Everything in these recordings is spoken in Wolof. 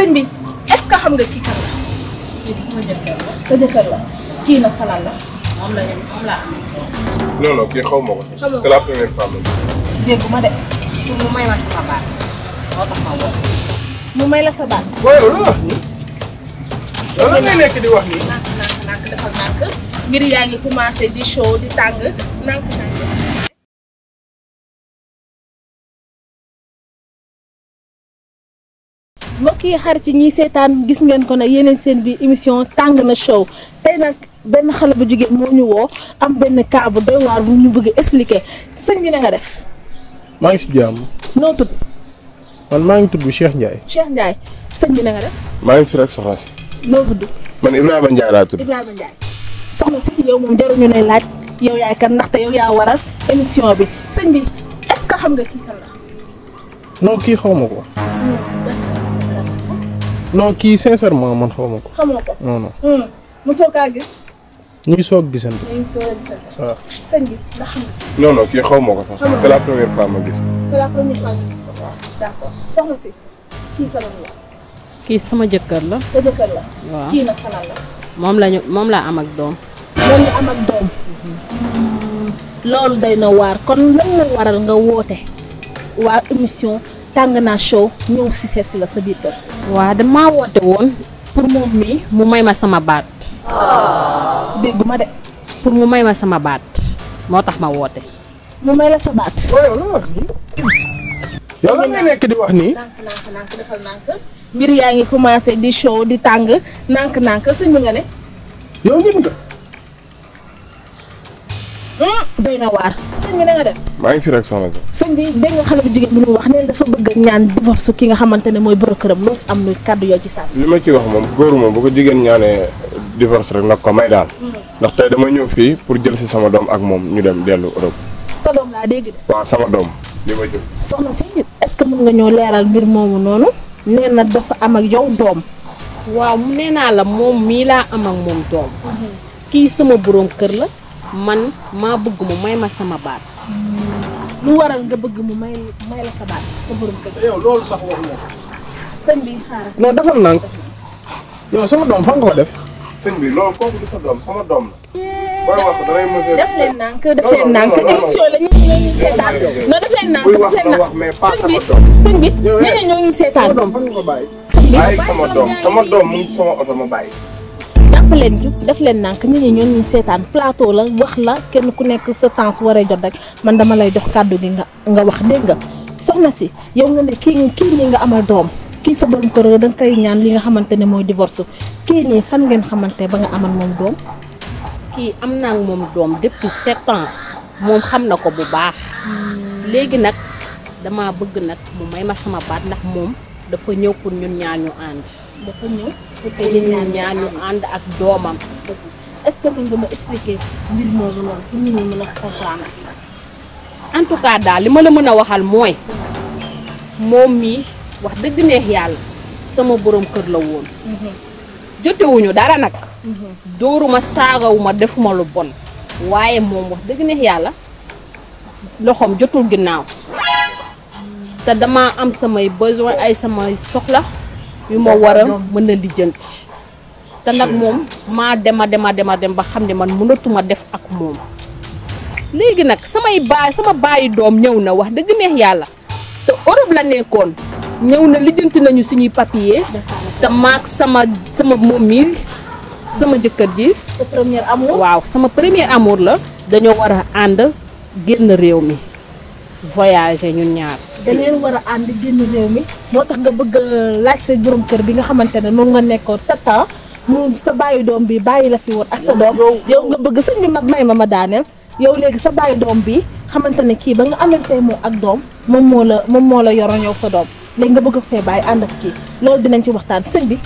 sëñ bi est xam nga kii kan la. sa jëkkër la kii nag sa lan la. moom la yéen moom laa amee. non kii xaw ma ko. moom. dégg ma de. pour mu may ma sama baat. mu may la sa baat. waaw loolu wax la ngay nekk di wax nii. di chaud di tàng nànk nànk. mbokk yi xarit ci ñi seetaan gis ngeen ko nag yeneen seen bi émission tàng na show tey nag benn xale bu jigéen moo ñu woo am benn cas bu waar bu ñu bëgg expliquer sëñ bi na nga def. maa ngi si jàmm. noo tudd. man maa ngi tudd Cheikh Ndiaye. Cheikh Ndiaye sëñ bi na maa ngi fi rek soxna si. noo tudd. man Ibrahima laa tudd. Ibrahima Ndiaye. soxna si yow moom jaruñu lay laaj yow yaay kan ndaxte yow yaa waral émission bi sëñ bi est que xam nga kii kan la. non kii xaw ma ko. non kii sincèrement man xaw ma ko. xamoo ko non non. Hmm. mosoo a gisante. waaw sama jëkkër la. moom la ñu moom laa am ak doom. Mm-hmm. loolu day na waar kon lan waral nga woote waa émission. tàng show ñëw ci sess la sa biir wa dama wote won pour mom mi mu may ma sama baat. dégguma oh, de. pour mu may ma sama baat motax ma wote mu may la sa baat. yo la ngay nek di wax ni nank nank nank defal nank mbir yaangi commencé di show di tang nank nank señu nga ne. yo ñu nga. Ah, doy na waar sëñ bi na nga def. maa ngi fi rek soxna si. sëñ bi dégg nga xale bu jigéen bi lu mu wax neen dafa bëgg ñaan divorce ki nga xamante ne mooy borom këram loo am luy kàddu yoo ci sànni. li ma ci wax moom góor moom bu ko jigéen ñaanee divorce rek nag ko may daal. Mm. ndax tey dama ñëw fii pour jël si sama doom ak moom ñu dem dellu Europe. sa doom laa sama doom soxna si est-ce que nga ñoo leeral mbir moomu noonu nee na dafa am ak yow doom. waaw nee naa la moom mii laa am ak moom doom. Mm-hmm. kii sama borom kër la man maa bëgg mu may ma sama baat. lu waral nga bëgg mu may la sa baat sa borom kër. yow loolu sax wax nga. sëñ bi xaaral. non defal naa ko def. bi loolu kooku du doom sama doom la. booy wax damay a. def leen nànk def leen nànk émission la seetaan. non bi sëñ bi nee seetaan. sama doom bi sama doom sama doom mu ngi sama oto ma bàyyi. jàpp leen jub def leen nank ñi ñoo ñi sétane plateau la wax la kenn ku nekk sa temps su jot rek man dama lay jox cadeau gi nga nga wax de nga soxna ci yow nga ne ki ki ñi nga amal dom ki sa borom ko da nga koy ñaan li nga xamantene moy divorce ki ni fan ngeen xamanté ba nga amal mom dom ki amna ak mom dom depuis 7 ans mom xamna ko bu baax. légui nak dama bëgg nak mu mayma sama baat nak mom dafa ñëw pour ñun ñu dafa ñëw ànd ak doomam. est-ce que mën nga daal li ma la mën a waxal mooy moom mii wax dëgg neex yàlla sama borom kër la woon. Mhm. jotewuñu dara nag. Mhm. dóoruma saagawuma defuma lu bon. waaye moom wax dëgg neex yàlla loxoom jotul ginnaaw. te dama am samay besoin ay samay soxla. yu ma war a mën a lijjanti te nag moom maa dem dema dema dema dem ba xam ne man mënatuma def ak moom léegi nag samay baay sama baayu doom ñëw na wax dëgg neex yàlla te Europe la nekkoon ñëw na lijjanti nañu suñuy papier te maag sama sama moom mi sama jëkkër ji sa premier amour waaw sama premier amour la dañoo war a ànd génn réew mi voyager ñu ñaar da ngeen war a ànd génn réew mi moo tax nga bëgg laaj sa borom kër bi nga xamante ne moom nga nekkoon sept ans mu sa bàyyi doom bi bàyyi la fi woon ak sa doom yow nga bëgg sëñ bi mag may ma daaneel yow léegi sa bàyyi doom bi xamante ne kii ba nga amantee moo ak doom moom moo la moom moo la yoroon yow sa doom léegi nga bëgg a fee bàyyi ànd ak kii loolu dinañ ci waxtaan sëñ bi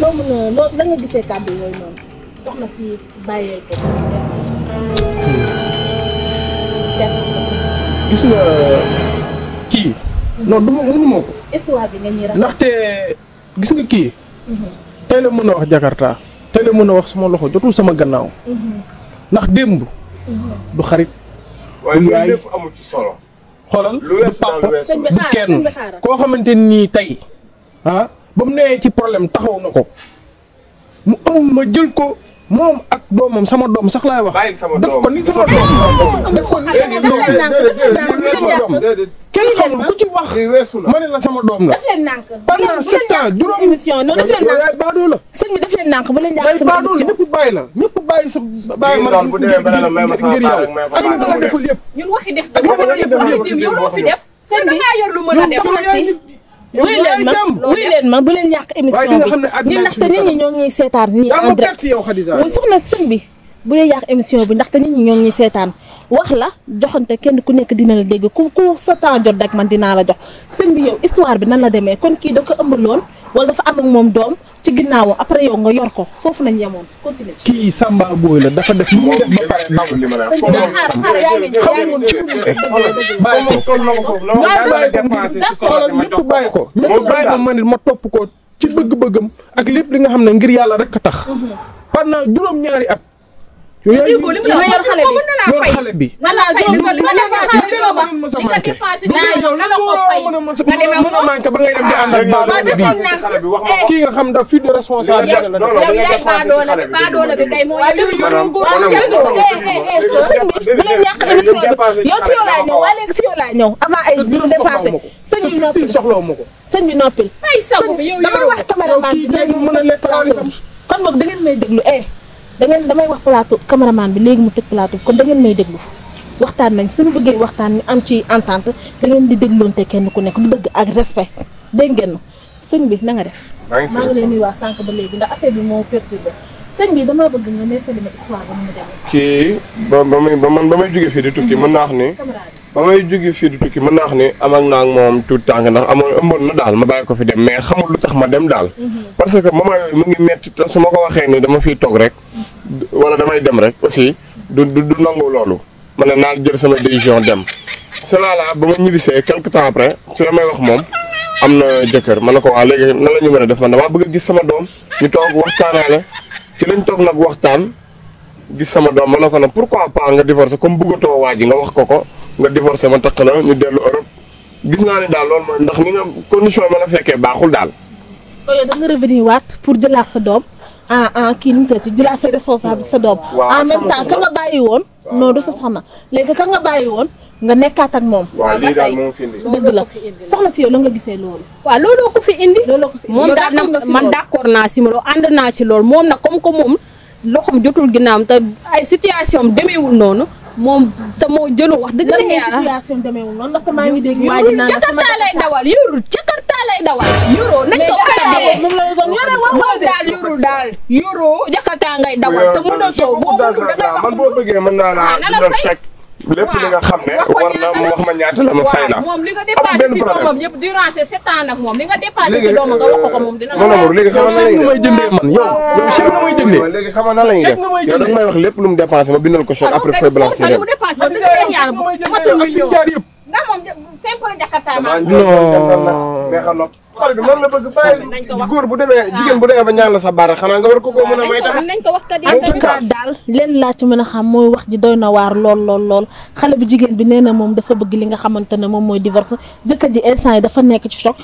loo mën a la nga gisee kàddu yooyu noonu soxna si bàyyee ko hmm. gis nga kii. non du ma ko. ndaxte gis nga kii. tey la mën a wax Jakarta tey la mën a wax sama loxo jotul sama gannaaw. ndax démb. du xarit. du amul solo. xoolal du papa du kenn koo xamante nii tey ah ba mu nee ci problème taxaw na ko mu am ma jël ko. moom ak doomam sama doom sax laay wax. def ko ni sama doom. def ko ni sama doom def ko ni sama doom. kenn xamul ku ci wax. ma ne la sama doom la. daf leen nànk pendant sept ans juróom émission non daf leen nànk yaay baadoo la. sëñ bi daf leen nànk bu leen jaaxle sama émission ñëpp bàyyi la ñëpp bàyyi sa bàyyi ma ngir yow ak ñu dala deful yëpp. ñun waxi def ba deful yëpp yow loo fi def. sëñ bi yow sama si wuy leen ma wuy leen ma bu leen yàq émission bi ñi ndaxte nit ñi ñoo ngi ñuy seetaan nii en direct soxna bi bu leen émission bi ndaxte nit ñi ñoo ngi ñuy seetaan wax la joxante kenn ku nekk dina la dégg ku ku sa temps jot rek man dinaa la jox sëñ bi yow histoire bi nan la demee kon kii da ko ëmbaloon wala dafa am ak moom doom ci ginnaawam après yow nga yor ko foofu lañ yemoon continuer. kii Samba Boy la dafa def lu muy def ba pare naw. Eh, bàyyi ko ma ma nit ma topp ko ci bëgg-bëggam ak lépp li nga xam ne ngir yàlla rek a tax. Mhm. pendant juróom-ñaari at. déggoo li mu la wax mën na laa fay man laa fay li nga li nga def kii nga xam daf fi de responsabilité la def baadoole bi kay moo bu leen yàq émission bi yow si yow laa ñëw waa léegi si yow laa ñëw avant ay dépassé sëñ bi noppil soxlaw ma ko sëñ bi noppil ay saw yow dama wax cameraman léegi mën a lekk kon boog da da ngeen damay wax plateau cameraman bi léegi mu tek plateau ko da ngeen may deglu waxtan nañ suñu bëgge waxtan ñu am ci entente da ngeen di dégloonte kenn ku nekk du dëgg ak respect dégg ngeen sëñ bi na nga def. ma ngi leen di waa sank ba léegi ndax affaire bi mo perturbé sëñ bi dama bëgg nga nettali ma histoire ba mu demee. kii ba ba muy ba man ba may jóge fi di tukki man nax ni. ba may jóge fi di tukki man nax ni am ak nak mom tout tang nak amoon ëmbon na dal ma bàyyi ko fi dem mais xamul lu tax ma dem dal mhm. parce que mama yooyu mu ngi metti te su ko waxé ni dama fi tok rek wala damay dem rek aussi du du du lolu mané na jël sama décision dem. cela là ba ma ñibbisee quelque temps après ci la may wax mom amna jëkër jëkkër ma ne ko waa ah, la ñu def man bëgg gis sama doom ñu toog waxtaanaale ci lañ tok nak waxtaan gis sama doom ma ko pourquoi pas nga divorcer comme bëggatoo waa nga wax ko ko nga divorcer ma tak la ñu déllu Europe. gis na ni dal loolu ndax ni nga condition mala féké fekkee dal ko yo da nga revenir wat pour jëlaat sa doom. ah ah kii nu mu tëdd jëlaat sa responsable sa doom. en même ka nga bàyyi woon. non du sa soxna léegi ka nga bàyyi woon nga nekkaat ak moom. waaw lii daal moom fi indi. dëgg la soxna si yow la nga gisee loolu. waaw looloo ko fi indi. looloo ko fi indi moom daal nag man d'accord naa si loolu ànd naa si loolu moom nag comme que moom loxoom jotul ginnaawam te ay situation am demeewul noonu. moom te moo jëlu wax dëgg la yàlla situation demeewul noonu ndaxte maa ngi dégg waa ji naan Jakarta lay dawal yorul Jakarta lay dawal yoroo nañ ko loolu daal yoroo jakarta ngay dawal te mënatoo boo mënul da ngay man boo bëggee mën naa laa dundal ah, chèque lépp li nga xam ne war na mu wax ma ñaata la ma fay la moom li nga dépassé si doomam yëpp durant ces sept ans nag moom li nga dépassé si doomam nga wax ko ko euh, moom dina la non léegi xam na may jëndee man yow ah. yow chèque nu may jëndee léegi xam na la ñuy def yow da nga may wax lépp lu mu dépensé ma bindal ko chèque après fay blanche si dem mu dépassé ba dina ñaar motul million ndax moom simple jakarta ma non mais xam xol bi loolu la bëgg bàyyi bu demee ah. jigéen bu demee ba ñaan la sa baara a ah, may tamit nañ ko wax kat en daal leen laa mën a xam mooy wax ji doy na waar lool lool lool xale bi jigéen bi nee na moom dafa bëgg li nga xamante ne moom mooy divorce jëkkër ji instant yi dafa nekk ci choc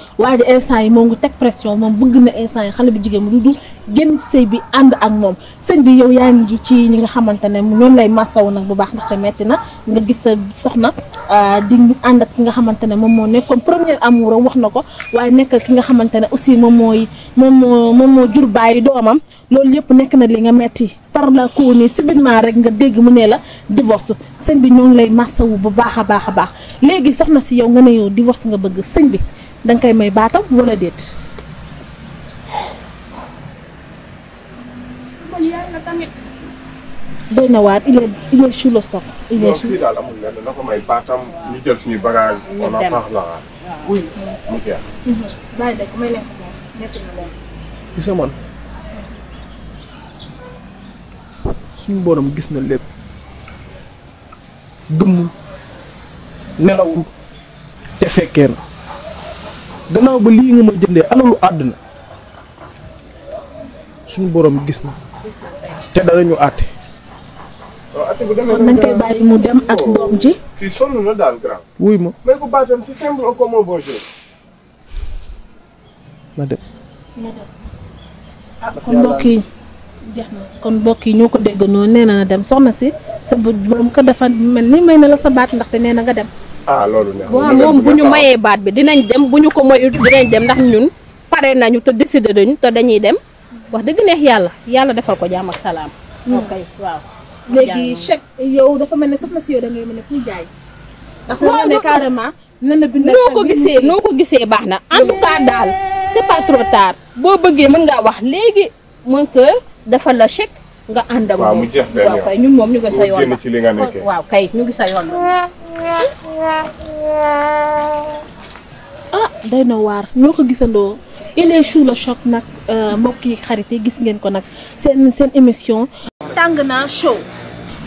instant yi moo ngi teg pression moom bëgg na instant yi xale bi jigéen bi du génn ci sëy bi ànd ak moom sëñ bi yow yaa ngi ci ñi nga xamante ne noonu lay massaw nag bu baax ndaxte metti na nga gis sa soxna Euh, di ànd ak ki nga xamante ne moom moo nekkoon premier amour am wax na ko waaye nekk ki nga xamante ne aussi moom mooy moom moo moom moo jur bàyyi doomam loolu yëpp nekk na li nga metti par la coup nii subitement rek nga dégg mu ne la divorce sëñ bi ñoo ngi lay massawu bu baax a baax a baax léegi soxna si yow nga ne yow divorce nga bëgg sëñ bi danga koy may baatam wala déet. doy na waar il est il est sur le stock. il est amul lenn na ko may baatam jël suñu bagage. ñu mhm. man suñu borom gis na lépp gëmm nelawul te fekkee na gannaaw ba lii nga ma jëndee alalu àdduna suñu borom gis na te ñu àtte. kon nañ koy bàyyi mu dem ak doom ji. kii sonn na daal grand. wuy ma may ko baatam c'est simple au commun bon jeu. na dem. Ah, kon mbokk yi kon mbokk yi ñoo ko dégg noonu nee na na dem soxna si sa borom ko dafa mel ni may na la sa baat ndaxte nee na nga dem. ah loolu neex na moom bu ñu mayee baat bi dinañ dem bu ñu ko mayul dinañ dem ndax ñun pare nañu te décidé nañu te dañuy dem wax dëgg neex yàlla yàlla defal ko jaam ak salaam. Hmm. ok waaw. léegi chèque yow dafa mel ne sax na si yow da ngay mën a kuy jaay. ndax loolu ne carrément. nan la bindal noo ko gisee noo ko gisee baax na en tout cas daal c'est pas trop tard boo bëggee mën ngaa wax léegi mën que defal la chèque nga ànd ak moom mu jeex moom ñu yoon ci li nga nekkee waaw kay ñu ngi sa yoon ah day na waar ñoo ko gisandoo il est sous le choc nag euh, mbokk yi xarit gis ngeen ko nag seen seen émission. tàng naa show.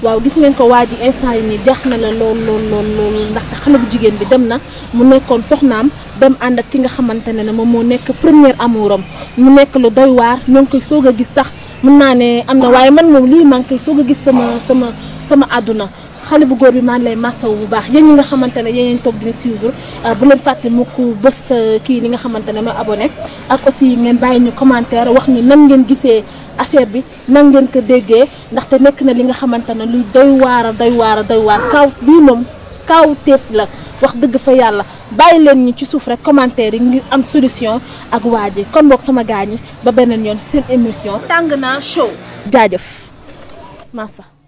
waaw gis ngeen ko waa ji instant yi nii jaax na la lool lool lool lool ndaxte xale bu jigéen bi dem na mu nekkoon soxnaam dem ànd ak ki nga xamante ne ne moom moo nekk première amouram mu nekk lu doy waar ñoo koy soog a gis sax mën naa ne am na waaye man moom lii maa koy soog a gis sama sama sama àdduna xale bu góor bi maa lay lay wu bu baax yéen ñi nga xamante ne yéen toog di suivre euh, bu leen fàtte mukk bés euh, kii li nga xamante ne ma abonné ak aussi ngeen bàyyi ñu commentaire wax ni nan ngeen gisee affaire bi nan ngeen ko déggee ndaxte nekk na li nga xamante ne luy doy waara a doy waar a doy waar kaw lii moom kaw teef la wax dëgg fa yàlla bàyyi leen ñu ci suuf rek commentaire yi ngir am solution ak waa ji kon boog sama gaañi ba beneen yoon seen émission. tàng naa show jaajëf massa